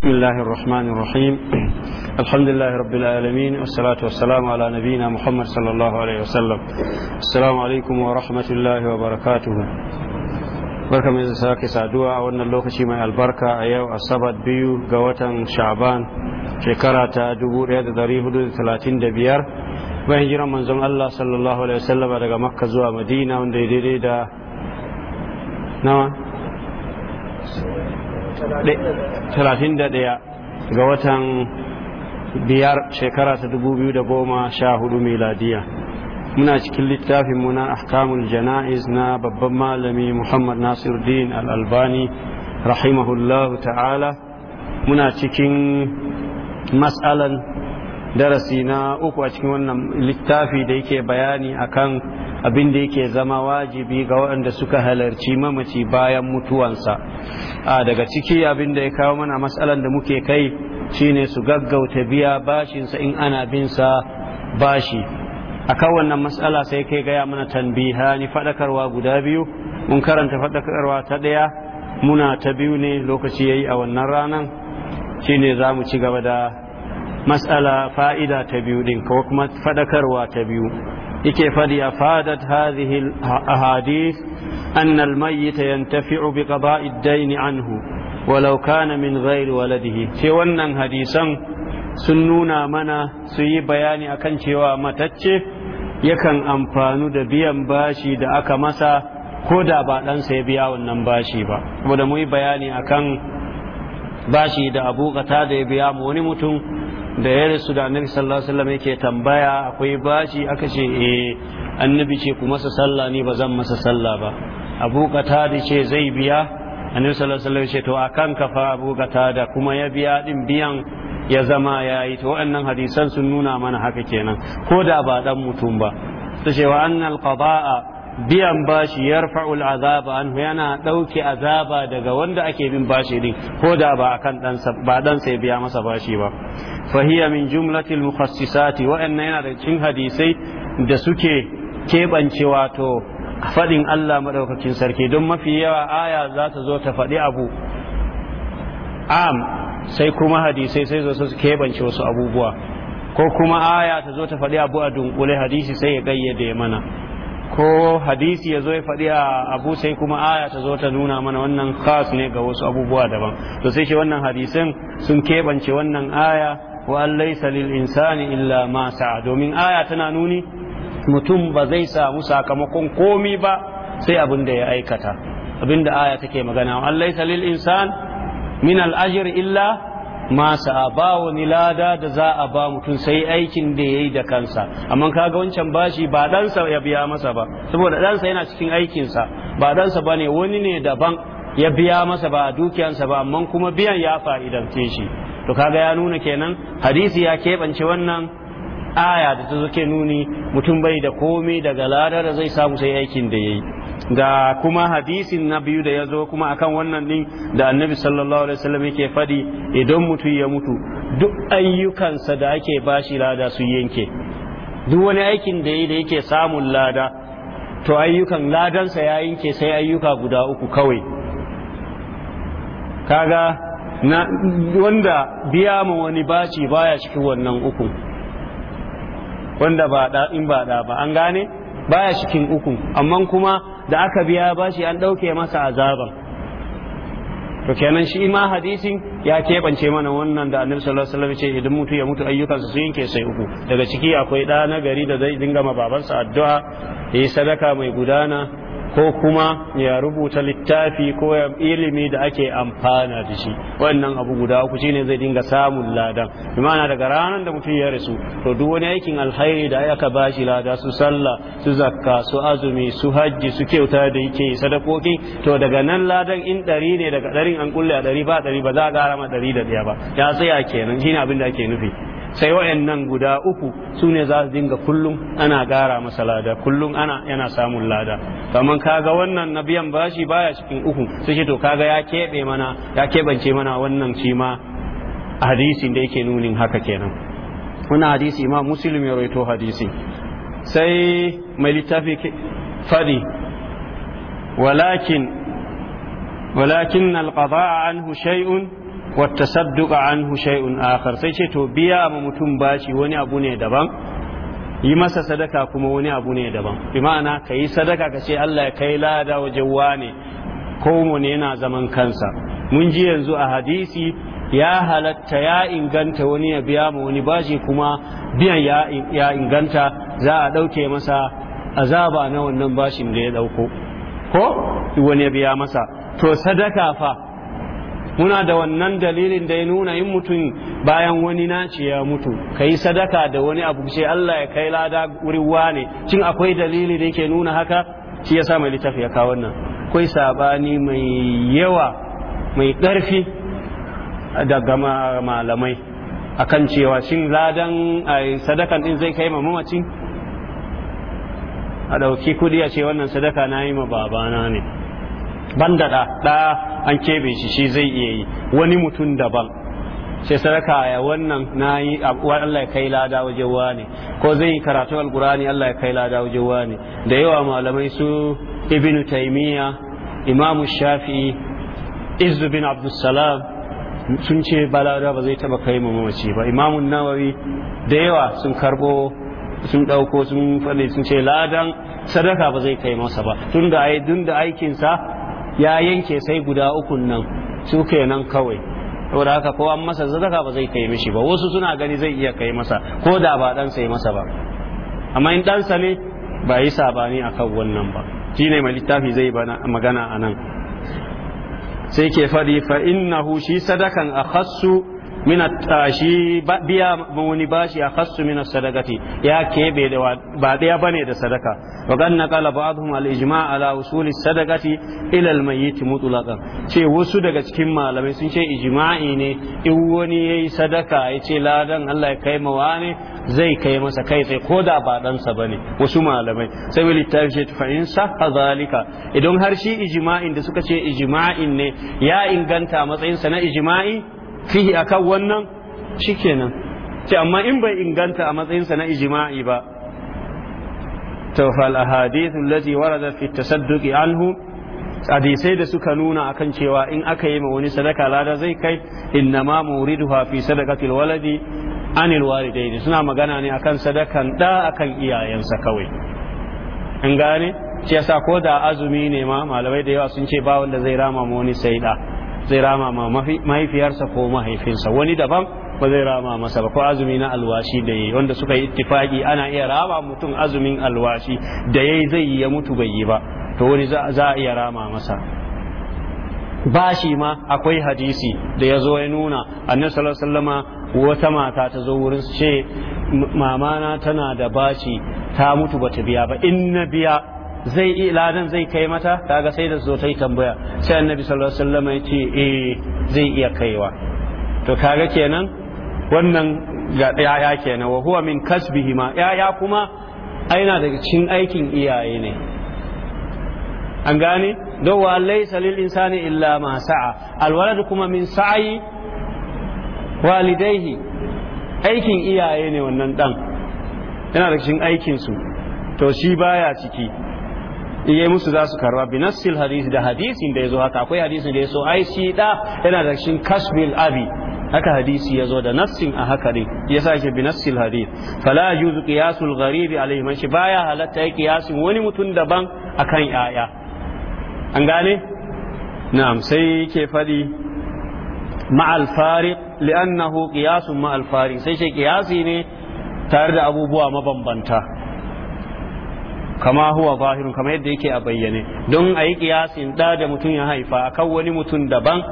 بسم الله الرحمن الرحيم الحمد لله رب العالمين والصلاة والسلام على نبينا محمد صلى الله عليه وسلم السلام عليكم ورحمة الله وبركاته بركة من ساكي سعدوا وأن الله كشيما البركة أيو السبت بيو قوتا شعبان شكرا تأدبو ريادة ذري حدود ثلاثين دبيار وهجرا من زم الله صلى الله عليه وسلم على مكة زوا مدينة وندي دا نوان نعم؟ 31 ga watan biyar shekara ta 2014 miladiya muna cikin littafin muna ahkamul jana'iz na babban malami muhammad nasiruddin al'albani rahimahullahu ta'ala muna cikin matsalan darasi na uku a cikin wannan littafi da yake bayani akan abin da yake zama wajibi ga waɗanda suka halarci mamaci bayan mutuwansa a daga ciki abin da ya kawo mana matsalan da muke kai shine su gaggauta biya bashinsa in ana binsa bashi a kan wannan matsala sai kai gaya mana tambiha ni faɗakarwa guda biyu mun karanta faɗakarwa ta ɗaya muna ta biyu ne lokaci ya yi a wannan ranar shine za mu ci gaba da matsala fa'ida ta biyu din ko kuma faɗakarwa ta biyu yake fadi afadat hadhihi ahadith anna almayyit yantafi'u bi qada'i ad-dayn anhu walau min ghairi waladihi ce wannan hadisan sun nuna mana su yi bayani akan cewa matacce yakan amfanu da biyan bashi da aka masa ko da ba ɗansa ya biya wannan bashi ba kuma da mu yi bayani akan bashi da abu da ya biya ma wani mutum da ya rasu da annabi sallallahu alaihi wasallam yake tambaya akwai bashi aka ce eh annabi ce ku masa sallah ni ba zan masa sallah ba abu qatada ce zai biya annabi sallallahu alaihi wasallam ce to akan ka fa abu qatada kuma ya biya din biyan ya zama yayi to wannan hadisan sun nuna mana haka kenan ko da ba dan mutum ba ta ce annal qada'a biyan bashi fa'ul azaba anhu yana ɗauke azaba daga wanda ake bin bashi din ko da ba akan kan ba ɗansa ya biya masa bashi ba fahiya min jumlatil mukhassisati wa'annan yana da cin hadisai da suke keɓance wato faɗin Allah maɗaukakin sarki don mafi yawa aya za ta zo ta faɗi abu am sai kuma hadisai sai zo su keɓance wasu abubuwa ko kuma aya ta zo ta faɗi abu a dunkule hadisi sai ya gayyade mana ko hadisi ya zo ya faɗi a abu sai kuma aya ta zo ta nuna mana wannan khas ne ga wasu abubuwa daban to sai shi wannan hadisin sun keɓance wannan aya wa laysa lil insani illa ma sa'a domin aya tana nuni mutum ba zai samu sakamakon komi ba sai abin da ya aikata Abinda aya take magana wa laysa lil insan min al ajr illa masa ba wani lada da za a ba mutum sai aikin da ya yi da kansa amma kaga wancan bashi ba ɗansa ya biya masa ba saboda ɗansa yana cikin aikinsa ba ɗansa ba ne wani ne daban ya biya masa ba a dukiyansa ba amma kuma biyan ya fa'idance shi to kaga ya nuna kenan hadisi ya keɓance wannan aya da ta zuke nuni mutum bai da komai daga lada da zai samu sai aikin da ya yi ga kuma hadisin na biyu da ya zo kuma akan wannan din da annabi sallallahu alaihi wasallam yake fadi idan mutum ya mutu duk ayyukansa da ake bashi lada su yanke duk wani aikin da da yake samun lada to ayyukan ladansa ya yanke sai ayyuka guda uku kawai kaga na wanda biya ma wani baci baya cikin wannan uku wanda ba da in ba da ba an gane baya cikin uku amma kuma da aka biya bashi an ɗauke masa azaban to kenan shi ma hadisin ya keɓance mana wannan da annabi sallallahu alaihi wasallam ce idan mutu ya mutu ayyukan su yanke sai uku daga ciki akwai ɗa na gari da zai dinga ma babansa addu'a yayi sadaka mai gudana ko kuma ya rubuta littafi ko ya ilimi da ake amfana da shi wannan abu guda uku shine zai dinga samun ladan imana daga ranar da mutum ya rasu to duk wani aikin alhairi da aka bashi lada su sallah su zakka su azumi su hajji su kyauta da yake sadakoki to daga nan ladan in ɗari ne daga ɗarin an kulle a ɗari ba ɗari ba za a ƙara ma ɗari da ɗaya ba ya tsaya kenan shine abin da ake nufi sai wayannan guda uku su ne za su dinga kullum ana gara masa lada kullum ana yana samun lada kamar kaga wannan na biyan bashi baya cikin uku sai to kaga ya keɓe mana ya keɓance mana wannan shi ma hadisin da yake nunin haka kenan wani hadisi ma musulmi ya roito hadisi sai mai littafi fadi walakin walakin alqada anhu shay'un wata sadduka an shay'un akhar sai ce to biya ma mutum bashi wani abu ne daban yi masa sadaka kuma wani abu ne daban bi ma'ana ka yi sadaka ka ce Allah ya kai lada wajen wane ko ne yana zaman kansa mun ji yanzu a hadisi ya halatta ya inganta wani ya biya ma wani bashi kuma biyan ya inganta za a ɗauke masa azaba na wannan bashin da ya ɗauko ko wani ya biya masa to sadaka fa muna da wannan dalilin da ya nuna yin mutum bayan wani naci ya mutu ka yi sadaka da wani abu ce Allah ya kai lada wurin wane cin akwai dalili da yake nuna haka shi ya sa mai littafi ya kawo wannan akwai sabani mai yawa mai ƙarfi daga malamai akan cewa shin ladan eh, sadakan ɗin zai kai ma mamacin a ɗauki kuɗi a ce wannan sadaka na yi ma babana ne banda da da an kebe shi shi zai iya yi wani mutum daban sai sadaka ya wannan na yi Allah ya kai lada waje ne ko zai yi karatu alkurani Allah ya kai lada waje ne da yawa malamai su ibnu taymiya imamu shafi'i izu bin abdussalam sun ce balada ba zai taba kai mu mace ba imamun nawawi da yawa sun karbo sun ɗauko sun faɗi sun ce ladan sadaka ba zai kai masa ba ai tun da aikinsa ya yanke sai guda ukun nan su kenan kawai saboda haka ko an masa zaka ba zai kai mishi ba wasu suna gani zai iya kai masa ko da ba dan sai masa ba amma in ɗansa ne ba yi sabani akan wannan ba shine mai littafi zai magana anan sai ke faɗi fa innahu shi sadakan akhassu min tashi biya wani bashi a khassu min sadakati ya kebe da ba daya bane da sadaka wa ganna qala ba'dhum al ijma' ala usuli sadakati ila al mayyit mutlaqan ce wasu daga cikin malamai sun ce ijma'i ne in wani yayi sadaka ya ce ladan Allah ya kai mawa ne zai kai masa kai sai ko da ba dan sa bane wasu malamai sai wani littafi ce fa in sahha zalika idan har shi ijma'in da suka ce ijma'in ne ya inganta matsayinsa na ijma'i fihi akan wannan shikenan ce amma in bai inganta a matsayinsa na ijima'i ba to fal ahadithu allati warada fi tasadduqi anhu hadisai da suka nuna akan cewa in aka yi ma wani sadaka lada zai kai innama muriduha fi sadaqatil waladi anil walidayn suna magana ne akan sadakan da akan iyayensa kawai in gane shi yasa ko da azumi ne ma malamai da yawa sun ce ba wanda zai rama ma wani sai da zai rama ma mahaifiyarsa ko mahaifinsa wani daban ba zai rama masa ba ko azumi na alwashi da yayi wanda suka yi ittifaki ana iya rama mutum azumin alwashi da yayi zai yi ya mutu bai yi ba to wani za a iya rama masa bashi ma akwai hadisi da ya zo ya nuna annabi sallallahu alaihi wata mata ta zo wurin ce mamana tana da bashi ta mutu bata biya ba in na biya zai iya ladan zai kai mata kaga sai da zo ta yi tambaya sai annabi sallallahu alaihi wasallam ya ce eh zai iya kaiwa to kaga kenan wannan ga yaya kenan wa huwa min kasbihi ma yaya kuma aina daga cin aikin iyaye ne an gane don wa laysa lil insani illa ma sa'a alwalad kuma min sa'i walidaihi aikin iyaye ne wannan dan yana da cikin aikinsu to shi baya ciki yayi musu za su karba bi nassil hadisi da hadisin da yazo haka akwai hadisin da yaso ai shi da yana da shin kasbil abi haka hadisi yazo da nassin a haka ne yasa shi bi nassil hadis fala yuzu qiyasul gharibi alaihi man shi baya halatta ya qiyasin wani mutum daban akan yaya an gane na'am sai yake fadi ma'al fariq li'annahu qiyasun ma'al fariq sai shi qiyasi ne tare da abubuwa mabambanta kama huwa zahirun kama yadda yake a bayyane don a yi kiyasin da da mutum ya haifa a kan wani mutum daban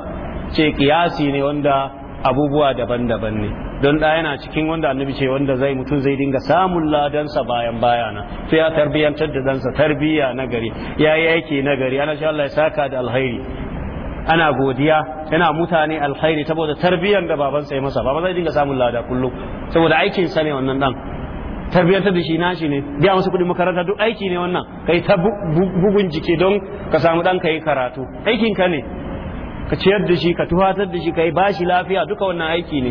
ce kiyasi ne wanda abubuwa daban-daban ne don da yana cikin wanda annabi ce wanda zai mutum zai dinga samun ladansa bayan bayana sai ya tarbiyyantar da dansa tarbiyya na gari ya yi aiki na gari ana sha Allah ya saka da alhairi ana godiya yana mutane alhairi saboda tarbiyyar da babansa ya masa baba zai dinga samun lada kullum saboda aikinsa ne wannan dan tarbiyyantar da shi nashi ne biya masa kuɗin makaranta duk aiki ne wannan kai ta bugun jiki don ka samu ɗan ka yi karatu aikin ka ne ka ciyar da shi ka tuhatar da shi ka yi bashi lafiya duka wannan aiki ne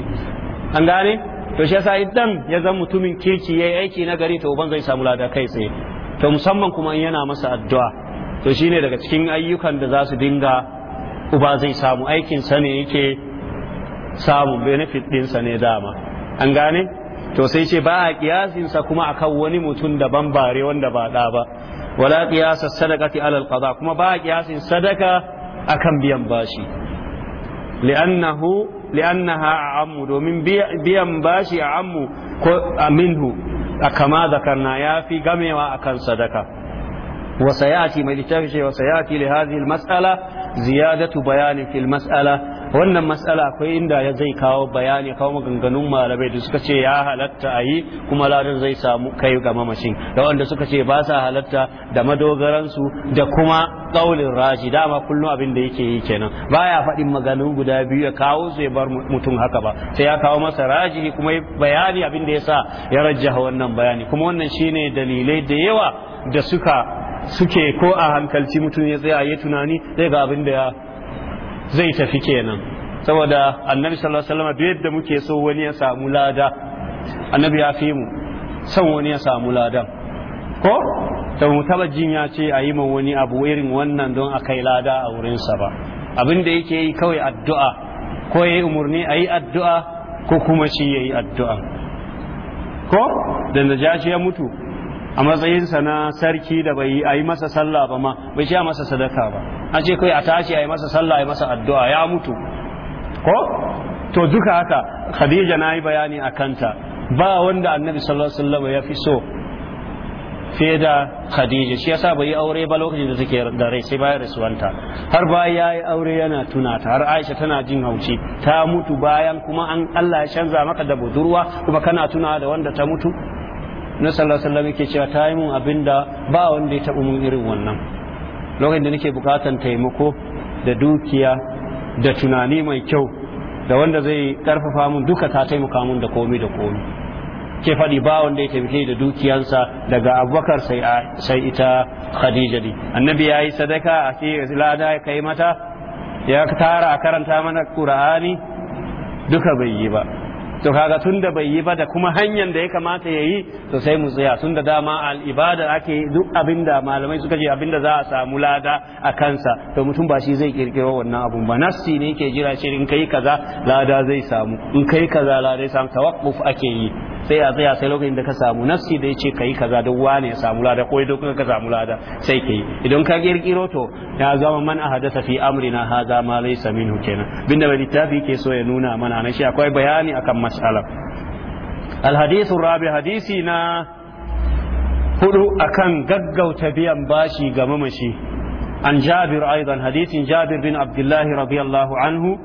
an gane to shi yasa idan ya zama mutumin kirki yayi aiki na gari to ban zai samu lada kai tsaye to musamman kuma in yana masa addu'a to shine daga cikin ayyukan da za su dinga uba zai samu aikin sa ne yake samun benefit ɗinsa ne dama an gane to sai ce ba a kiyasinsa kuma akan wani mutum daban bare wanda ba da ba wala qiyasa sadaqati alal qada kuma ba a kiyasin sadaka akan biyan bashi li'annahu li'annaha a'ammu domin biyan bashi a'ammu ko aminhu kama zakarna yafi gamewa akan sadaka وسيأتي ما li وسيأتي لهذه المسألة ziyadatu بيان في المسألة wannan matsala akwai inda ya zai kawo bayani kawo maganganun malamai da suka ce ya halatta a yi kuma ladan zai samu kai ga mamashin da wanda suka ce ba sa halatta da madogaransu da kuma tsaunin raji dama kullum abin da yake yi kenan baya faɗin maganin guda biyu ya kawo su ya bar mutum haka ba sai ya kawo masa raji kuma bayani abin da ya sa ya rajjaha wannan bayani kuma wannan shine dalilai da yawa da suka suke ko a hankalci mutum ya tsaya ya tunani zai ga abin da ya zai tafi kenan saboda annabi sallallahu alaihi wasallam yadda muke so wani ya samu lada annabi ya fi mu son wani ya samu lada. ko da mu taba jin ya ce a yi wani abu irin wannan don a kai lada a wurinsa ba abin da yake yi kawai addu'a ko ya yi umarni a yi addu'a ko kuma shi yayi addu'a ko da najashi ya mutu a matsayinsa na sarki da bai a yi masa sallah ba ma bai ce a masa sadaka ba an ce kai a tashi a yi masa sallah a yi masa addu'a ya mutu ko to duka haka khadija na yi bayani a kanta ba wanda annabi sallallahu alaihi wasallam ya fi so fiye da khadija shi yasa bai aure ba lokacin da take da rai sai bayan rasuwanta har bayan ya yi aure yana tuna ta har aisha tana jin haushi ta mutu bayan kuma an allah ya canza maka da budurwa kuma kana tuna da wanda ta mutu na sallallahu alaihi wasallam yake cewa ta yi mun abinda ba wanda ya taɓa mun irin wannan lokacin da nake bukatan taimako da dukiya da tunani mai kyau da wanda zai karfafa mun duka ta taimaka mun da komi da komi ke faɗi ba wanda ya taimake da dukiyansa daga abubakar sai ita khadija ne annabi ya yi sadaka a ce lada ya kai mata ya tara a karanta mana ƙura'ani duka bai yi ba to kaga tun da bai yi ba da kuma hanyar da ya kamata ya yi to sai mu tsaya da dama ibada ake duk abinda malamai suka ce abinda za a samu lada a kansa to mutum ba shi zai kirkiro wannan abun ba nassi ne ke jira shi in kai kaza lada zai samu in kai kaza lada zai samu tawakkuf ake yi sai a tsaya sai lokacin da ka samu nafsi da yace kai kaza duk wane ya samu lada ko duk ka samu lada sai kai idan ka kirkiro to ya zama man ahadatha fi amrina hadha ma laysa minhu kenan binda bai littafi ke so ya nuna mana na shi akwai bayani akan mas'ala rabi hadisi na hudu akan gaggauta biyan bashi ga mamashi an jabir aidan hadisin jabir bin abdullahi radiyallahu anhu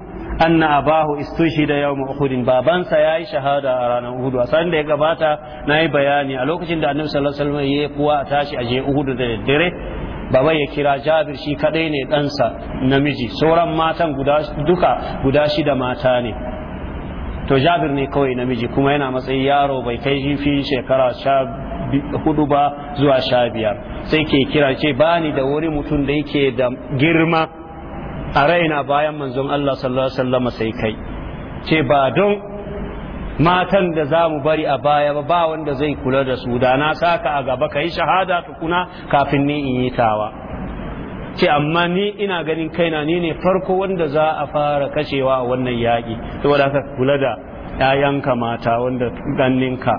anna abahu istushida yawm uhud babansa yayi shahada a ranar uhud a san da ya gabata nayi bayani a lokacin da annabi sallallahu alaihi wasallam yayi kuwa a tashi aje uhud da daddare baba ya kira jabir shi kadai ne ɗansa namiji sauran matan duka guda shida mata ne to jabir ne kawai namiji kuma yana matsayi yaro bai kai fi shekara sha hudu ba zuwa sha biyar sai ke kira ce bani da wuri mutum da yake da girma a raina bayan manzon Allah sallallahu alaihi sai kai ce ba don matan da za mu bari a baya ba ba wanda zai kula da su da na saka a gaba kai shahada tukuna kafin ni in yi tawa ce amma ni ina ganin kaina ni ne farko wanda za a fara kashewa a wannan yaƙi saboda haka kula da ƴaƴanka mata wanda ɗanninka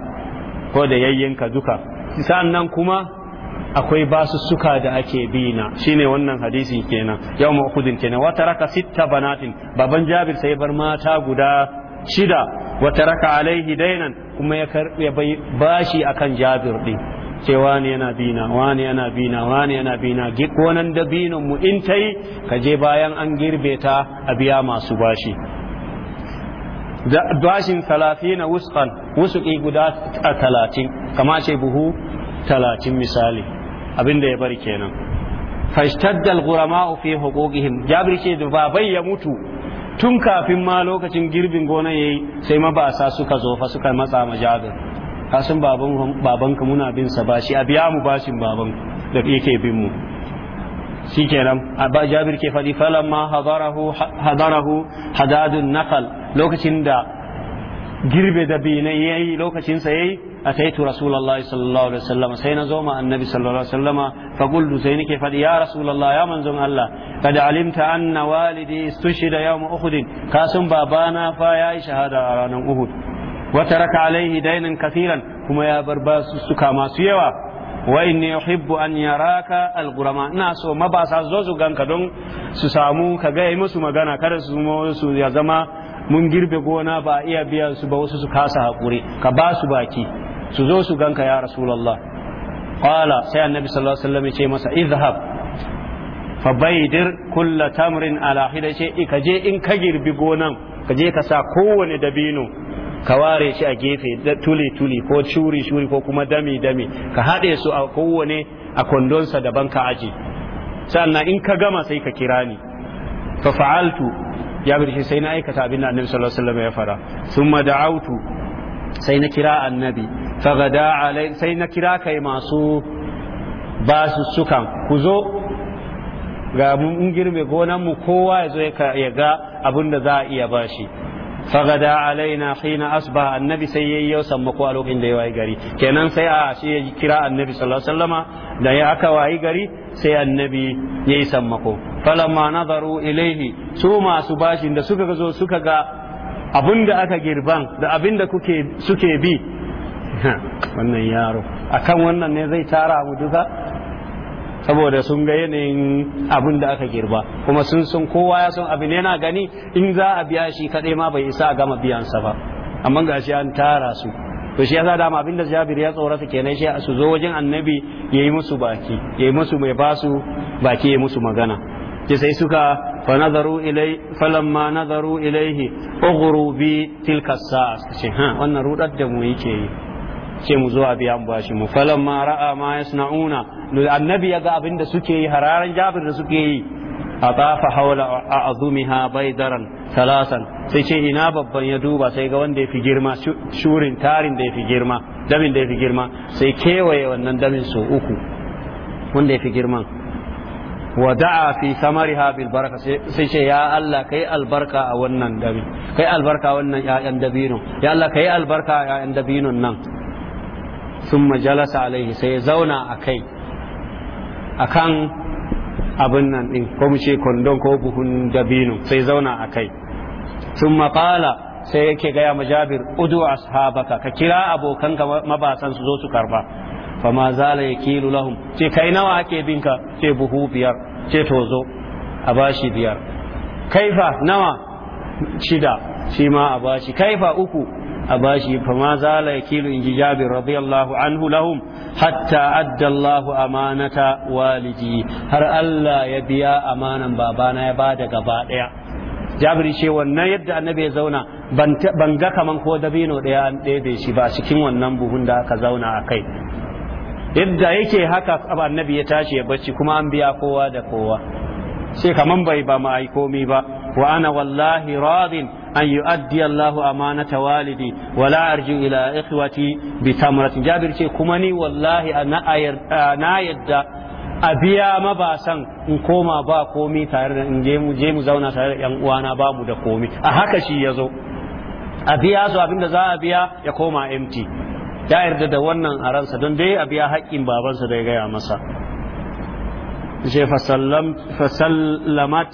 ko da yayyinka duka nan kuma akwai basussuka da ake bina shine wannan hadisi kenan yau ma'ukudin kenan wata raka sitta banatin baban jabir sai bar mata guda shida wata raka alaihi dainan kuma ya karbe bashi akan jabir din ce wani yana bina wani yana bina wani yana bina gikonan da binin mu in tai ka je bayan an girbe ta a biya masu bashi bashin talatin wuskan wusuki guda talatin kama ce buhu talatin misali Abin da ya bari kenan fashtaddal gurama fi huquqihim jabri ce da babai ya mutu tun kafin ma lokacin girbin gona yayi sai mabasa suka zo fa suka matsa ma jabir kasan baban babanka muna bin sa bashi a biya mu bashin baban da yake bin mu shikenan abba jabir ke fadi falamma hadarahu hadarahu hadadun naqal lokacin da girbe da binai yayi lokacin sa yayi أتيت رسول الله صلى الله عليه وسلم سين زوما النبي صلى الله عليه وسلم فقلت سينك فدي يا رسول الله يا من زوم الله قد علمت أن والدي استشهد يوم أحد كاسم بابانا فيا شهادة أرانا أحد وترك عليه دينا كثيرا كما يا برباس السكامة سيوا wa inni yuhibbu an yaraka alghurama ina so mabasa zo su ganka don su samu ka ga yi musu magana kada su su ya zama mun girbe gona ba iya biyan su ba wasu su kasa hakuri ka ba su baki su zo su ganka ya rasulullah qala sai annabi sallallahu alaihi wasallam ya ce masa izhab fabaidir kulla tamrin ala hida ce ka in ka girbi gonan ka je ka sa kowane dabino ka ware shi a gefe da tuli tuli ko shuri shuri ko kuma dami dami ka haɗe su a kowane a kwandonsa daban ka aji sannan in ka gama sai ka kira ni fa fa'altu ya bi sai na aikata abin da annabi sallallahu alaihi wasallam ya fara summa da'autu sai na kira annabi fagada alai sai na kira kai masu su sukan ku zo ga mun gonan mu kowa ya zo ya ga abin da za a iya bashi fagada na hina asba annabi sai yayi yau sammako a lokacin da ya wayi gari kenan sai a shi ya kira annabi sallallahu alaihi wasallama da ya aka wayi gari sai annabi yayi sammako falamma nazaru ilaihi su masu bashin da suka zo suka ga abin da aka girban da abin da kuke suke bi wannan yaro akan wannan ne zai tara mu duka saboda sun ga yanayin abin da aka girba kuma sun sun kowa ya san abin yana gani in za a biya shi kaɗai ma bai isa a gama biyan sa ba amma ga shi an tara su to shi yasa dama abin da Jabir ya tsorata kenan shi su zo wajen annabi yi musu baki yayi musu mai basu baki yayi musu magana ke sai suka ilaihi nazaru ilai نظروا إليه أغروا بي تلك ce mu zuwa biya mu bashi mu falan ma ra'a ma yasna'una annabi ya ga abin da suke yi hararan jabir da suke yi A atafa haula a a'zumiha baydaran talasan sai ce ina babban ya duba sai ga wanda yafi girma shurin tarin da yafi girma damin da yafi girma sai kewaye wannan damin so uku wanda yafi girman wa da'a fi samariha bil baraka sai ce ya Allah kai albarka a wannan damin kai albarka a wannan ya'yan dabino ya Allah kai albarka a ya'yan dabinon nan sun majalasa alaihi sai zauna a kai a kan abin nan ɗin ko mu ce kwandon ko buhun dabino sai zauna a kai sun maƙala sai yake gaya ma jabir udu ashabaka ka kira abokan ka mabasan su zo su karba fama zala ya kilu lahum ce kai nawa ake ka? ce buhu biyar ce tozo a bashi biyar kaifa nawa shida shi ma a bashi kaifa uku a bashi fa ma zala yakilu in ji jabir radiyallahu anhu lahum hatta adda amanata waliji har Allah ya biya amanan babana ya bada gaba daya jabir ce wannan yadda annabi ya zauna ban ga kaman ko dabino daya an ɗebe shi ba cikin wannan buhun da aka zauna a kai yadda yake haka annabi ya tashi ya bacci kuma an biya kowa da kowa sai kaman bai ba ma'aikomi ba wa ana wallahi radin أن يؤدي الله أمانة والدي ولا أرجو إلى إخوتي بتمرة جابر شيء كمني والله أنا أير أنا يدّا a biya mabasan in koma ba komi tare da in je mu zauna tare da yan uwana ba da komi a haka shi ya zo a biya su abinda za a biya ya koma empty ya yarda da wannan a ransa don dai a biya hakkin babansa da ya gaya masa ce fasallamat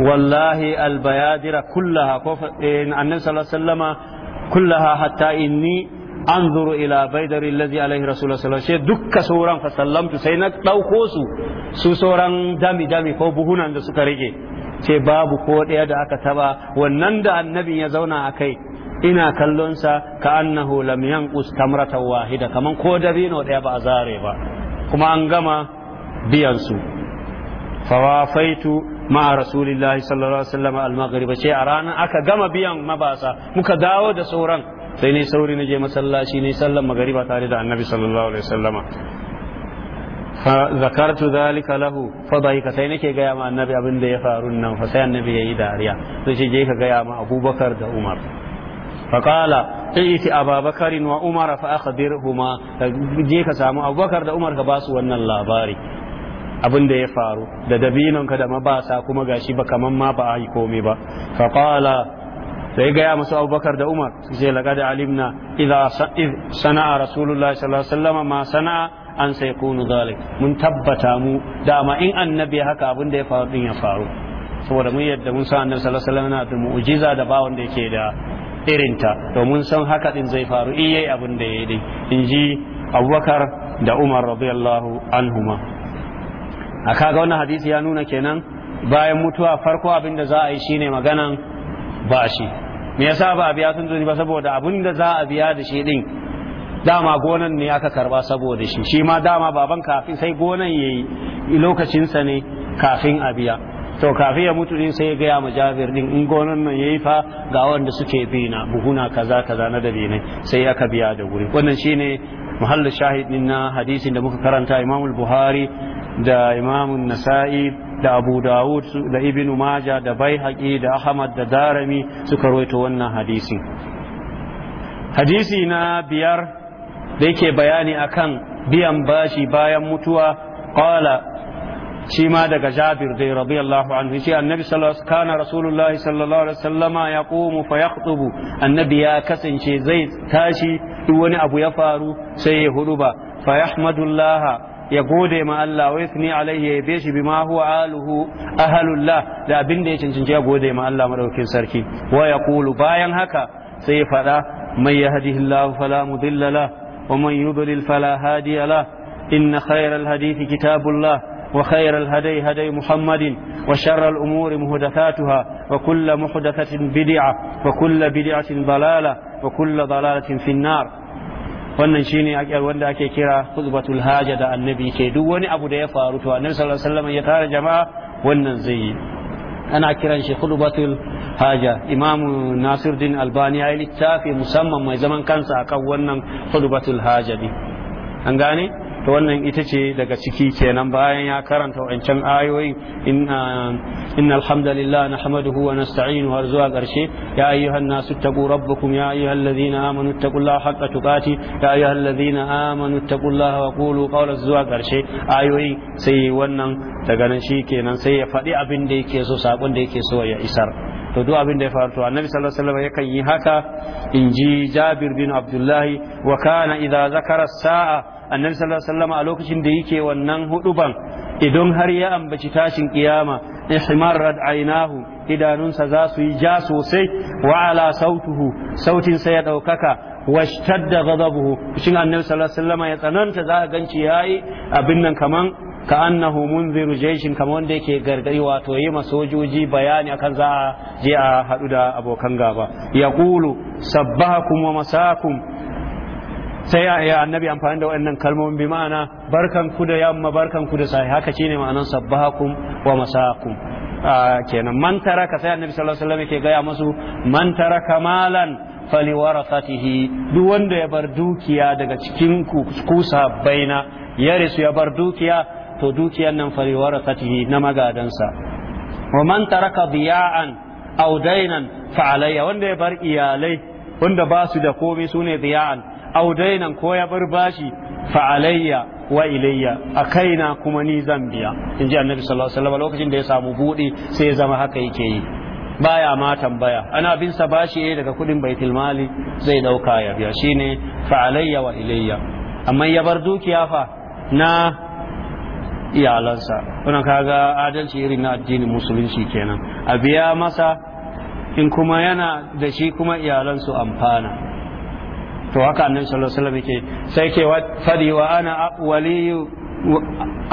والله البيادر كلها النبي صلى الله عليه وسلم كلها حتى إني أنظر إلى بيدر الذي عليه رسول الله صلى الله عليه وسلم دك سورا فسلمت سينك ɗauko su سورا دمي دمي ko buhunan da suka rage ce babu ko ɗaya da aka taba wannan da annabin ya zauna a kai ina kallonsa ka annahu lam yanqus tamratan wahida kaman ko dabino ɗaya ba a zare ba kuma an gama biyan su fawafaitu ma'a rasulillahi sallallahu alaihi wasallam al-maghrib a ranar aka gama biyan mabasa muka dawo da sauran sai ne sauri na je masallaci ne sallan magariba tare da annabi sallallahu alaihi wasallama zakartu zalika lahu fa ka sai nake gaya ma annabi abin ya faru nan fa sai annabi yayi dariya sai ce je ka gaya ma abubakar da umar fa qala iti ababakar wa umar je ka samu abubakar da umar ka basu wannan labari abin da ya faru da dabinonka da mabasa kuma gashi ba kaman ma ba a yi komai ba fa qala sai gaya masu abubakar da umar sai laga da alimna sana'a rasulullahi sallallahu alaihi wasallam ma sana'a an sai kunu zalik mun tabbata mu dama in annabi haka abin da ya faru din ya faru saboda mun yadda mun san annabi sallallahu alaihi wasallam na da mu'jiza da ba wanda yake da irinta domin san haka din zai faru iyayi abin da yayi din in ji abubakar da umar radiyallahu anhuma a kaga wannan hadisi ya nuna kenan bayan mutuwa farko abin da za a yi shine maganan bashi me yasa ba a biya sun zuni ba saboda abin da za a biya da shi din dama gonan ne aka karba saboda shi shi ma dama baban kafin sai gonan yayi lokacinsa ne kafin a biya to kafin ya mutu din sai ya gaya ma jabir din in gonan nan yayi fa ga wanda suke bi buhuna kaza kaza na dabi ne sai aka biya da wuri wannan shine muhallu shahid din na hadisin da muka karanta Imam Buhari da Imam Nasa'i da Abu Dawud da Ibn Majah da Baihaqi da Ahmad da Darami suka rawaito wannan hadisin. hadisi na biyar da yake bayani akan biyan bashi bayan mutuwa qala shi ma daga jabir dai radiyallahu anhu shi annabi sallallahu kana rasulullahi sallallahu alaihi wasallama ya koma fa yakhutubu annabi ya kasance zai tashi duk wani abu ya faru sai ya huduba fa yahmadullaha ya gode ma Allah wa yathni alaihi ya yabe shi bima huwa aluhu ahlullah da abin da ya cancanci ya gode ma Allah madaukin sarki wa yaqulu bayan haka sai ya fada man yahdihillahu fala mudilla la wa man yudlil fala hadiya la inna khayral hadithi kitabullah وخير الهدي هدي محمد وشر الأمور مهدثاتها وكل محدثة بدعة وكل بدعة ضلالة وكل ضلالة في النار wannan shine wanda ake kira khutbatul haja da annabi ke duk wani abu da ya faru to annabi sallallahu alaihi wasallam ya tara jama'a wannan zai yi ana kiran shi khutbatul haja imamu nasiruddin albani ya yi littafi musamman mai zaman kansa akan wannan khutbatul haja ne an gane to wannan ita ce daga ciki kenan bayan ya karanta wancan ayoyin inna alhamdulillah nahmaduhu wa nasta'inu har zuwa karshe ya ayyuhan nasu taqu rabbukum ya ayyuhal ladhina amanu taqullaha haqqa tuqati ya ayyuhal ladhina amanu taqullaha wa qulu qawlan zuwa karshe ayoyi sai wannan daga nan shi kenan sai ya faɗi abin da yake so sakon da yake so ya isar to duk abin da ya faru to annabi sallallahu alaihi wasallam yakan yi haka inji jabir bin abdullahi wa kana idza zakara sa'a annabi sallallahu alaihi wasallam a lokacin da yake wannan huduban idan har ya ambaci tashin kiyama rad ainahu idanunsa za su yi ja sosai wa ala sautuhu sautin sa ya daukaka washtadda ghadabuhu shin annabi sallallahu alaihi wasallam ya tsananta za ka ganci yayi abin nan kaman ka annahu munziru jeshin kamar wanda yake gargari wato yi sojoji bayani akan za je a haɗu da abokan gaba Yaqulu sabbahakum wa masakum sai ya annabi amfani da waɗannan kalmomin bi ma'ana barkan ku da yamma barkan ku da sai haka shine ma'anan sabbahakum wa masakum kenan man taraka sai annabi sallallahu alaihi wasallam yake gaya masu man taraka malan fali warasatihi duk wanda ya bar dukiya daga cikin ku ku sabaina ya risu ya bar dukiya to dukiyan nan fali warasatihi na magadansa wa man taraka biya'an aw dainan fa alayya wanda ya bar iyalai wanda ba su da komai sune biya'an aw dainan ko ya bar bashi fa alayya wa ilayya a kaina kuma ni zan biya in annabi sallallahu alaihi wasallam lokacin da ya samu buɗe sai ya zama haka yake yi baya ma tambaya ana bin sa bashi eh daga kudin baitul mali zai dauka ya biya shine fa alayya wa ilayya amma ya bar dukiya fa na iyalansa wannan kaga adalci irin na addinin musulunci kenan a biya masa in kuma yana da shi kuma iyalansu amfana to haka annabi sallallahu alaihi wasallam yake sai ke fadi wa ana wali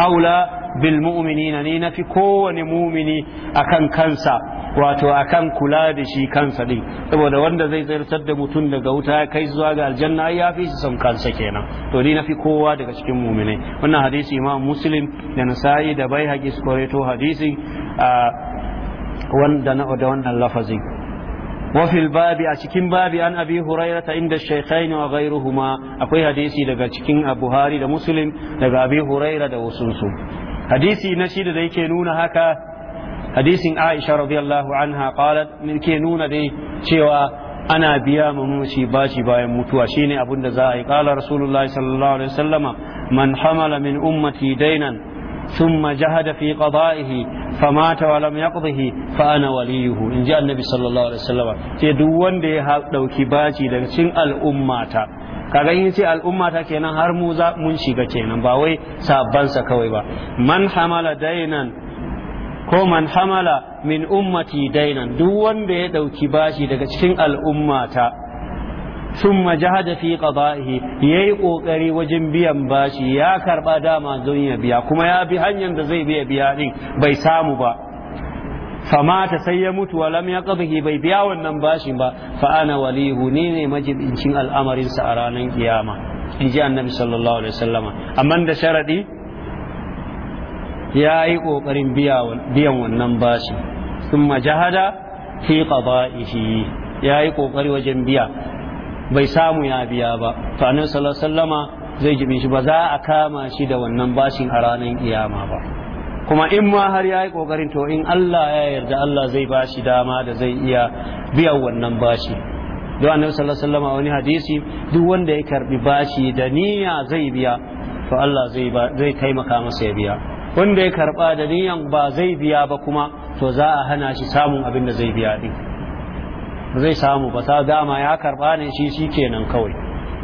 aula bil mu'minina ni nafi kowane mumini akan kansa wato akan kula da shi kansa din saboda wanda zai tsirtar da mutum daga wuta ya kai zuwa ga aljanna ya fi shi son kansa kenan to ni nafi kowa daga cikin muminai wannan hadisi imam muslim da nasa'i da bai haƙi su hadisi ah, wanda da wannan lafazin وفي الباب أشكين باب عن أبي هريرة عند الشيخين وغيرهما أقوي حديثي لغا شكين أبو هاري دا مسلم لغا أبي هريرة دا وسنسو حديثي نشيد دا يكينون هكا حديث عائشة رضي الله عنها قالت من كينون دي شوى أنا بيا مموشي باشي باي متوى شيني أبو النزائي قال رسول الله صلى الله عليه وسلم من حمل من أمتي دينا ثم جهد في قضائه فمات ولم يقضه فانا وليه ان جاء النبي صلى الله عليه وسلم تدوان دي هاو كباجي لنشن الأمة kaga in ce al'umma ta kenan har mu za mun shiga kenan ba wai sabban sa kawai ba man hamala dainan ko man hamala min ummati dainan duk wanda ya dauki bashi daga cikin al'ummata ثم جهد في قضائه yayi ƙoƙari wajen biyan bashi ya karba dama don ya biya kuma ya bi hanyar da zai biya biya din bai samu ba famata sai ya mutu walam ya qadhi bai biya wannan bashin ba fa ana walihu ni ne majibincin a ranar kiyama inji annabi sallallahu alaihi wasallama amma da sharadi ya yi kokarin biyan wannan bashi ثم جهد في قضائه ya yi kokari wajen biya bai samu ya biya ba to annabi sallallahu alaihi wasallama zai jibe shi ba za a kama shi da wannan bashin a ranar kiyama ba kuma in ma har ya yi kokarin to in Allah ya yarda Allah zai ba shi dama da zai iya biyan wannan bashi don annabi sallallahu alaihi wasallama wani hadisi duk wanda ya karbi bashi da niyya zai biya to Allah zai zai taimaka masa ya biya wanda ya karba da niyyan ba zai biya ba kuma to za a hana shi samun abin da zai biya din zai samu ba ta dama ya karba ne shi shi kenan kawai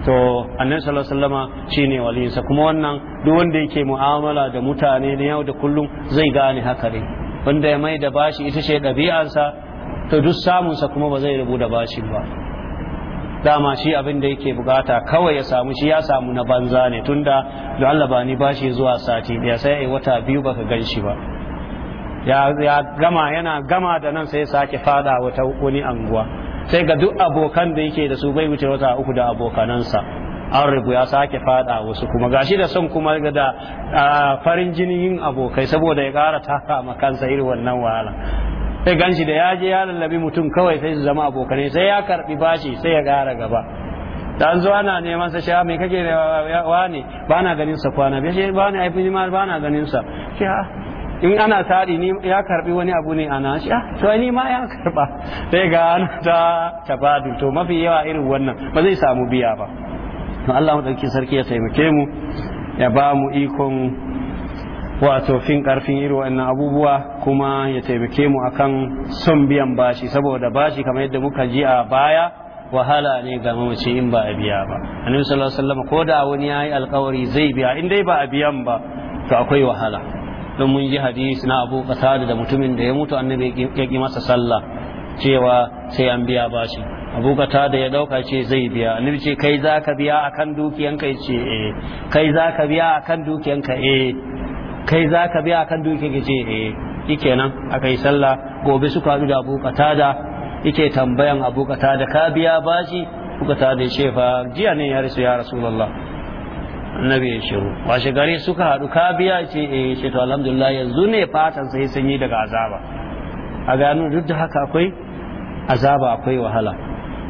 to annabi sallallahu alaihi wasallama shine waliyinsa kuma wannan duk wanda yake mu'amala da mutane na yau da kullum zai gane haka ne wanda ya mai da bashi ita ce ɗabi'arsa to duk samunsa kuma ba zai rubu da bashi ba dama shi abin da yake bukata kawai ya samu shi ya samu na banza ne tunda da Allah ba ni bashi zuwa sati biya sai ai wata biyu baka gan shi ba ya gama yana gama da nan sai ya sake fada wata wani anguwa sai ga duk abokan da yake da su bai wuce wata uku da abokanansa an rubu ya sake fada wasu kuma gashi da son kuma da farin jinin yin abokai saboda ya kara taka ma kansa irin wannan wahala sai ganshi da ya je ya lallabi mutum kawai sai su zama abokanai sai ya karbi bashi sai ya kara gaba da an zo ana neman sa shawa ah, mai kake wani ba na ganin sa kwana ba ne ai ma ba na ganin sa ah, in ana tari ni ya karbi wani abu ne ana shi ah, to ni ma ya karba sai ga ana ta tabadu to mafi yawa irin wannan ba zai samu biya ba To Allah madauki sarki ya taimake mu ya ba mu ikon wato fin karfin irin wannan abubuwa kuma ya taimake mu akan son biyan bashi saboda bashi kamar yadda muka ji a baya wahala ne ga mamaci in ba a biya ba annabi sallallahu alaihi wasallam ko da wani yayi alkawari zai biya in dai ba a biyan ba to akwai wahala don mun ji hadisi na abu qatada da mutumin da ya mutu annabi ya ki masa sallah cewa sai an biya bashi abu qatada ya dauka ce zai biya annabi ce kai ka biya akan dukiyanka ce eh kai za ka biya akan dukiyanka eh kai za ka biya akan dukiyanka ce eh shikenan nan yi sallah gobe suka haɗu da abu qatada yake tambayan abu qatada ka biya bashi abu qatada ya ce fa jiya ne ya rasu ya rasulullah annabi ya shiru washe gari suka haɗu ka biya ce e ce to alhamdulillah yanzu ne fatan sai sanyi daga azaba a gano duk da haka akwai azaba akwai wahala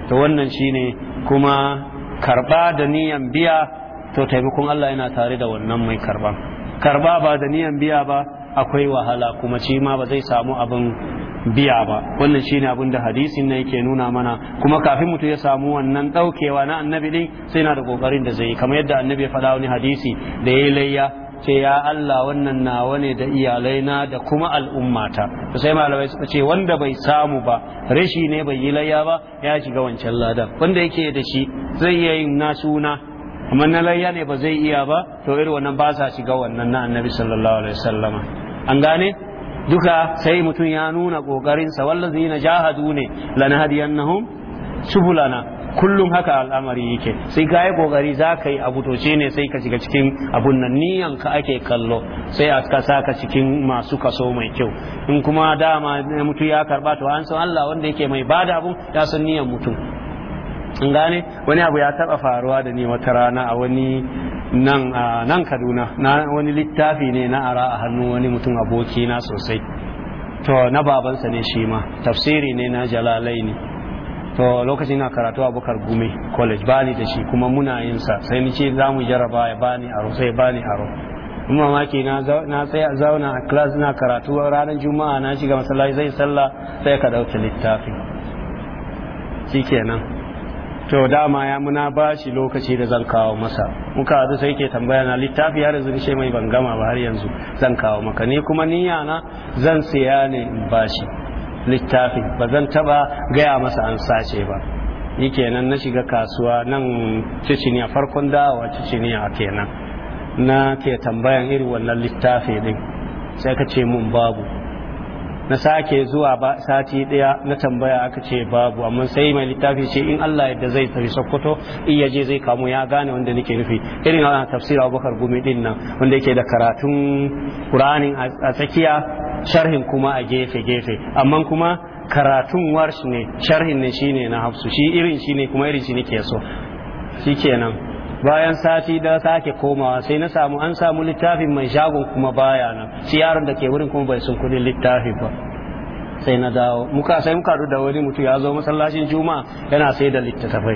to wannan shine kuma karba da niyan biya to taimakon Allah yana tare da wannan mai karban karba ba da niyan biya ba akwai wahala kuma shi ma ba zai samu abin biya ba wannan shine abin da hadisin na yake nuna mana kuma kafin mutum ya samu wannan daukewa na annabi din sai yana da kokarin da zai kamar yadda annabi ya faɗa wani hadisi da ya yi layya ce ya Allah wannan nawa ne da iyalai na da kuma al'ummata to sai malamai suka ce wanda bai samu ba rashi ne bai yi layya ba ya shiga wancan ladan wanda yake da shi zai yi yin na suna amma na layya ne ba zai iya ba to irin wannan ba sa shiga wannan na annabi sallallahu alaihi wasallama an gane duka sai mutum ya nuna ƙoƙarinsa na jahadu ne lanahdiyannahum subulana kullum haka al'amari yake sai ka yi kokari za ka yi abu to ne sai ka shiga cikin abun nan niyan ka ake kallo sai a ka saka cikin masu kaso mai kyau in kuma dama mutum ya karba to an san Allah wanda yake mai bada abun ya san niyan mutum in gane wani abu ya taba faruwa da ni wata rana a wani nan kaduna na wani littafi ne na ara a hannun wani mutum aboki na sosai to na babansa ne shi ma tafsiri ne na jalalai ne to lokacin na karatu a bakar gume college bani da shi kuma muna yin sa sai ni ce za mu jaraba ya bani aro sai bani aro kuma mamaki na tsaya zauna a class na karatu ranar juma'a na shiga masallaci zai sallah sai ka dauke littafin shikenan to dama ya muna ba shi lokaci da zan kawo masa muka azu sai ke tambaya na littafi har yanzu nishe mai ban gama ba har yanzu zan kawo maka ni kuma niyya na zan siya ne in ba shi littafi ba zan taba gaya masa an sace ba yi kenan na shiga kasuwa nan ciciniya farkon dawa ciciniya kenan na ke tambayan irin wannan littafi din sai ka ce mun babu na sake zuwa ba sati daya na tambaya aka ce babu amma sai mai littafi ce in Allah yadda zai tafi Sokoto in je zai kamo ya gane wanda nake nufi irin ana tafsir Abubakar Gumi din nan wanda yake da karatun Qur'anin a tsakiya sharhin kuma a gefe gefe amma kuma karatun warsh ne sharhin ne shine na hafsu shi irin shine kuma irin shi nake so shikenan bayan sati da sake komawa sai na samu an samu littafin mai shagon kuma baya nan shi yaron da ke wurin kuma bai sun kudin littafi ba sai na dawo muka sai muka da wani mutum ya zo masallacin juma'a yana sai da littattafai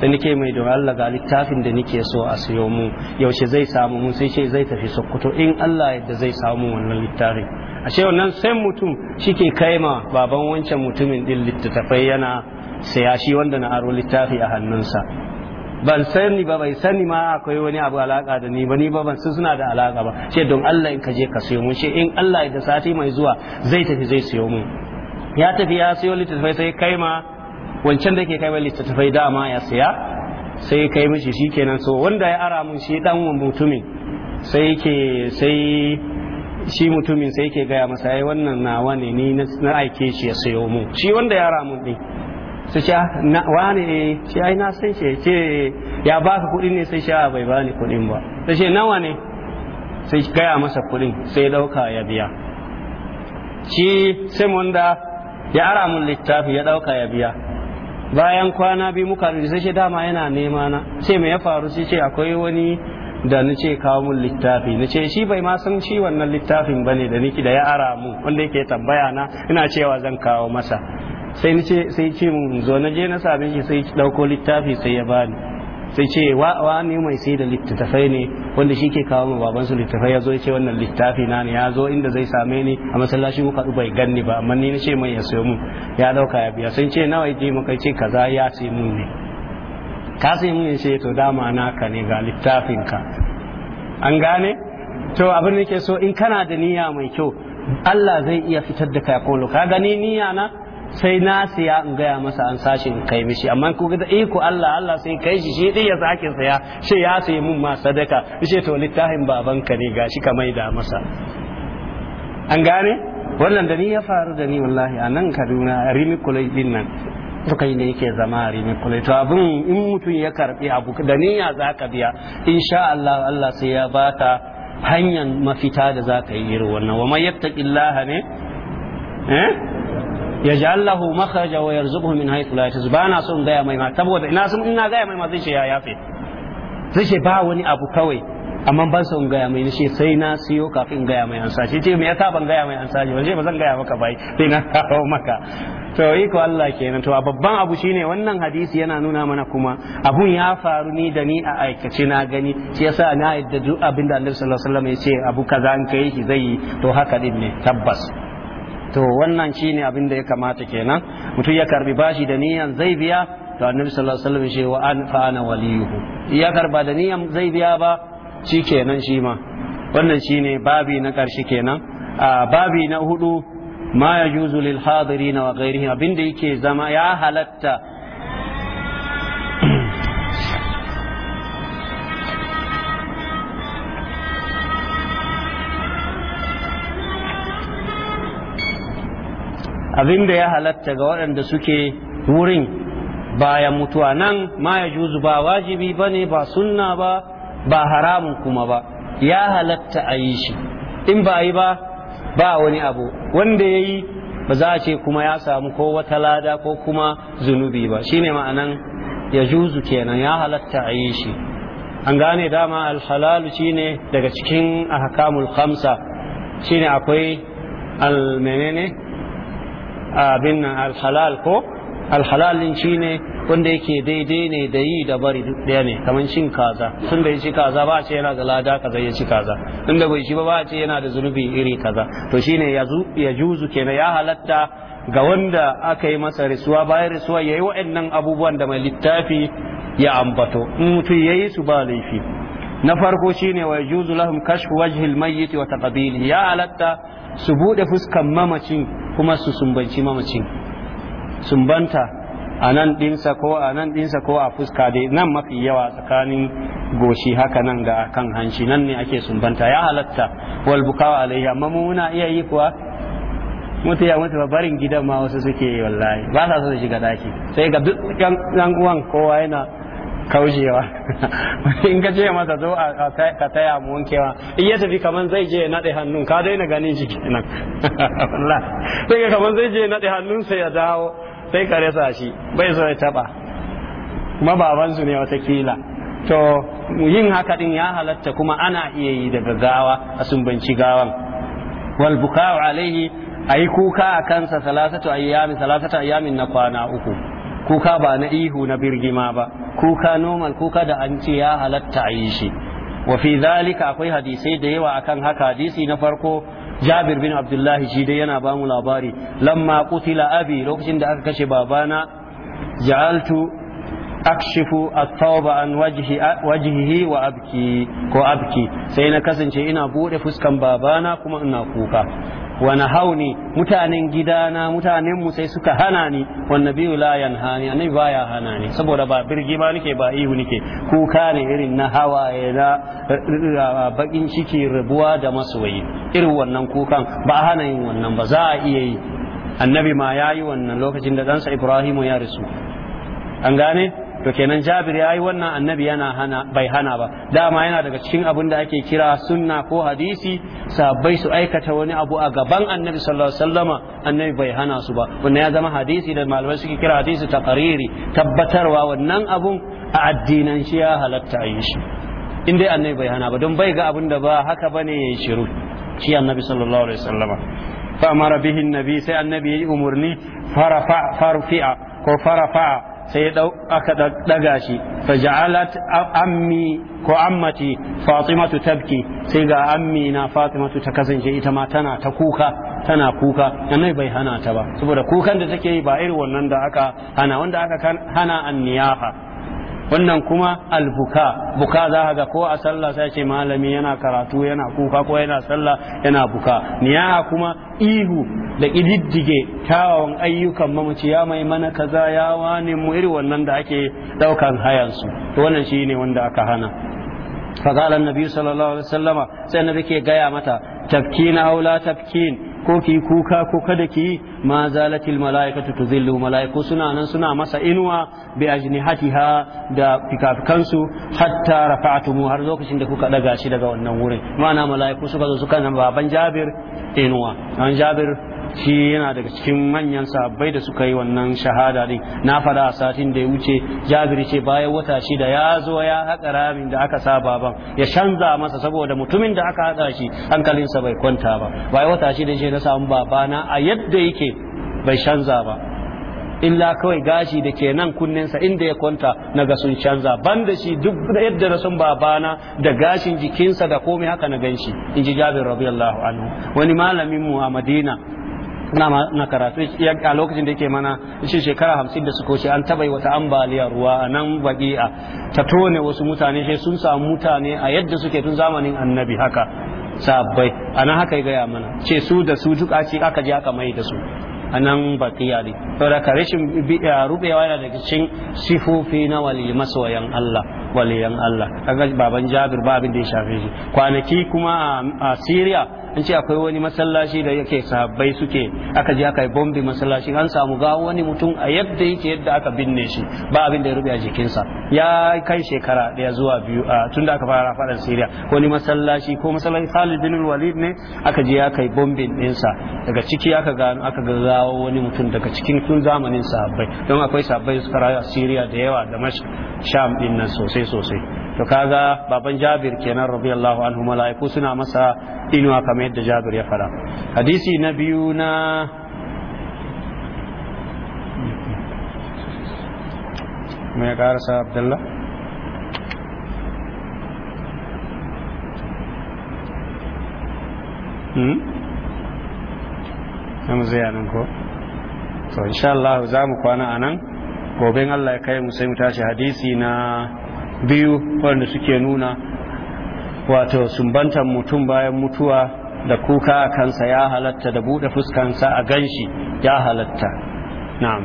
sai nake mai don Allah ga littafin da nake so a siyo mu yaushe zai samu mun sai ce zai tafi sokoto in Allah yadda zai samu wannan littafin ashe wannan sai mutum shike ma baban wancan mutumin din littattafai yana saya shi wanda na aro littafi a hannunsa ban sani ba bai sani ma akwai wani abu alaka da ni ba ni ba ban san suna da alaka ba ce don Allah in ka je ka sayo mun ce in Allah da sati mai zuwa zai tafi zai sayo mun ya tafi ya siyo littattafai sai kai ma wancan da ke kai ma littattafai dama ya saya sai kai mishi shikenan so wanda ya ara mun shi dan mutumin sai ke sai shi mutumin sai ke gaya masa ai wannan nawa ne ni na aike shi ya sayo mun shi wanda ya ara mun din su ce na wane ne ce ai na san shi ce ya baka kuɗi ne sai sha bai bani kuɗin ba sai ce nawa ne sai gaya masa kuɗin sai ɗauka ya biya shi sai wanda ya ara mun littafi ya ɗauka ya biya bayan kwana biyu muka rubuta sai ce dama yana nema na sai me ya faru sai ce akwai wani da ni ce kawo mun littafi ni ce shi bai ma san shi wannan littafin bane da niki da ya ara mu wanda yake tambaya na ina cewa zan kawo masa sai ni ce sai ce mun zo na je na same shi sai dauko littafi sai ya bani sai ce wa wa ne mai sai da littattafai ne wanda shi ke kawo ma baban su littattafai ya zo ya ce wannan littafi na ne ya zo inda zai same ni a masallaci muka duba bai ganni ba amma ni na ce mai ya sayo mun ya dauka ya biya sai ce nawa je muka ce kaza ya sai mun ne ka sai mun ce to dama naka ne ga littafin ka an gane to abin da ke so in kana da niyya mai kyau Allah zai iya fitar da kai kolo ka gani niyya na sai na siya in gaya masa an sashi in kai mishi amma ko ga iko Allah Allah sai kai shi shi din ya sake saya shi ya sayi mun ma sadaka shi to littafin babanka ne gashi ka maida masa an gane wannan da ni ya faru da ni wallahi a nan Kaduna Rimi Kulai din nan to kai ne yake zama a Rimi Kulai to abin in mutum ya karbi abu da niyya zaka biya insha Allah Allah sai ya baka hanyar mafita da zaka yi irin wannan wa mai yattaqillaha ne eh yaj'al lahu makhraja wa yarzuquhu min haythu la yahtasib bana son gaya mai ma saboda ina sun ina gaya mai ma zai ce ya yafe zai ce ba wani abu kawai amma ban son gaya mai nace sai na siyo kafin gaya mai ansa shi ce me yasa ban gaya mai ansa ba ce ba zan gaya maka bai sai na kawo maka to iko Allah kenan to babban abu shine wannan hadisi yana nuna mana kuma abun ya faru ni da ni a aikace na gani shi yasa na yadda duk abinda Annabi sallallahu alaihi wasallam ya ce abu kaza an kai shi zai yi to haka din ne tabbas to wannan shine abin da ya kamata kenan mutum ya karbi bashi da niyan zai biya to annabi sallallahu alaihi wasallam shi wa an fa ana waliyuhu ya karba da niyan zai biya ba shi kenan shi ma wannan shine babi na karshe kenan a babi na hudu ma yajuzu lil hadirin wa ghairihi abin da yake zama ya halatta abin da ya halatta ga waɗanda suke wurin bayan mutuwa nan ma ya juzu ba wajibi ba ne ba sunna ba ba haramun kuma ba ya halatta a yi shi in ba yi ba ba wani abu wanda ya yi ba za a ce kuma ya samu ko wata lada ko kuma zunubi ba shine ma'anan ya juzu kenan ya halatta a yi shi an gane dama alhalalu shi ne daga cikin ahkamul khamsa ne akwai almenene abin alhalal ko alhalalin shi ne wanda yake daidai ne da yi da bari duk ɗaya ne kamar shin kaza sun da ya ci kaza ba a ce yana da lada kaza ya ci kaza tun da bai shi ba ba a ce yana da zunubi iri kaza to shine ya juzu kenan ya halatta ga wanda aka yi masa risuwa bayan risuwa ya yi wa'annan abubuwan da mai littafi ya ambato in mutum ya yi su ba laifi na farko shine wa juzu lahum kashfu wajhil mayyit wa taqbili ya halatta su buɗe fuskan mamacin kuma su sumbanci mamacin sumbanta a nan ɗinsa ko a nan ɗinsa ko a fuska dai nan mafi yawa tsakanin goshi haka nan ga kan hanci nan ne ake sumbanta ya halatta wal bukawa alaihi amma muna iya yi kuwa mutu ya mutu barin gidan ma wasu suke yi wallahi ba sa so su shiga daki sai ga duk yan uwan kowa yana kaujewa in ka je masa zo ka taya mu wankewa in ya tafi kaman zai je naɗe hannun ka daina ganin shi nan sai ka kaman zai je naɗe hannun sai ya dawo sai ka rasa shi bai zo ya taɓa kuma babansu ne watakila to yin haka din ya halatta kuma ana iya yi daga gawa a sumbanci gawan wal buka'u alaihi yi kuka a kansa salasatu ayyami salasatu ayyamin na kwana uku kuka ba na ihu na birgima ba kuka normal kuka da an ce ya halatta a yi shi wa fi zalika akwai hadisai da yawa akan haka hadisi na farko Jabir bin Abdullahi shi dai yana bamu labari lamma qutila abi lokacin da aka kashe babana ja'altu akshifu at-tawba an wajhi wajhihi wa abki ko abki sai na kasance ina bude fuskan babana kuma ina kuka wa ne mutanen gidana mutanen mu sai suka hana ni wan la yanhani annabi baya hana ni saboda ba birgi ma nake ba ihu nake kuka ne irin na hawaye na bakin ciki rabuwa da masoyi irin wannan kukan ba hana yin wannan ba za a iya yi annabi ma yayi wannan lokacin da ɗansa Ibrahimu ya rasu an gane to kenan jabir ya yi wannan annabi yana hana bai hana ba dama yana daga cikin abin da ake kira sunna ko hadisi sabai su aikata wani abu a gaban annabi sallallahu alaihi wasallama annabi bai hana su ba wannan ya zama hadisi da malamai suke kira hadisi taqariri tabbatarwa wannan abun a addinan shi ya halatta yin shi in dai annabi bai hana ba don bai ga abin da ba haka bane shiru shi annabi sallallahu alaihi wasallama فأمر به النبي سي النبي أمرني ko fara وفرفع sai aka daga shi fa ja'alat ammi ko ammati fatimatu tabki sai ga ammi na fatimatu ta kasance ita ma tana ta kuka tana kuka annabi bai hana ta ba saboda kukan da take yi ba irin wannan da aka hana wanda aka hana niyaha wannan kuma albuka buka za a ga ko a sallah sai ce malami yana karatu yana kuka ko yana sallah yana buka niyaha kuma ihu da kididdige tawon ayyukan mamaci ya mai mana kaza ya wane mu iri wannan da ake daukan hayansu to wannan shine wanda aka hana فقال sallallahu alaihi wasallama sai وسلم ke gaya mata أو aula tafkin. ko ki kuka ko kada ki ma zalatil malaikatu tuzillu malaiku suna nan suna masa inuwa bi ajnihatiha da fikafikansu hatta rafa'tumu har lokacin da kuka daga shi daga wannan wurin ma'ana malaiku suka zo suka nan baban Jabir inuwa an Jabir shi yana daga cikin manyan sabbai da suka yi wannan shahada din na fada a satin da ya wuce jabiri ce bayan wata shida ya zo ya haƙa ramin da aka sa baban ya canza masa saboda mutumin da aka haɗa shi hankalinsa bai kwanta ba bayan wata shida ce na samu babana a yadda yake bai canza ba illa kawai gashi da ke nan kunninsa inda ya kwanta naga sun canza ban da shi duk yadda na sun babana da gashin jikinsa da komai haka na ganshi in ji jabir radiyallahu anhu wani malamin mu a madina na na karatu a lokacin da yake mana shi shekara hamsin da suko shi an taba yi wata ambaliya ruwa a nan baki'a ta tone wasu mutane sai sun samu mutane a yadda suke tun zamanin annabi haka sabbai a nan haka ya gaya mana ce su da su duk a ce aka je aka mai da su a nan baki'a ne saboda ka rashin rubewa yana daga cikin sifofi na wali masoyan Allah waliyan Allah kaga baban Jabir babin da ya shafe shi kwanaki kuma a Syria an ce akwai wani masallaci da yake sahabbai suke aka ji aka yi bombi masallaci an samu ga wani mutum a yadda yake yadda aka binne shi ba abin da ya rubi a jikinsa ya kai shekara daya zuwa biyu a tun da aka fara faɗan siriya wani masallaci ko masallaci khalid bin walid ne aka ji aka yi bombin ɗinsa daga ciki aka gano aka ga gawo wani mutum daga cikin tun zamanin sahabbai don akwai sahabbai suka rayu a siriya da yawa da sham ɗin nan sosai sosai to kaga baban jabir kenan radiyallahu anhu mala'iku suna masa inuwa kamar yadda jabir ya fara hadisi na biyu na mai karasa abdullah hmm? zai ko to insha Allah za mu kwana anan. nan gobe Allah ya kai mu sai mu tashi hadisi na biyu wanda suke nuna wato sumbantan mutum bayan mutuwa da kuka a kansa ya halatta da buɗe fuskansa a ganshi ya halatta na.